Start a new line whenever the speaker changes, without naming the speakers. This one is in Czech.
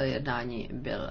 jednání byl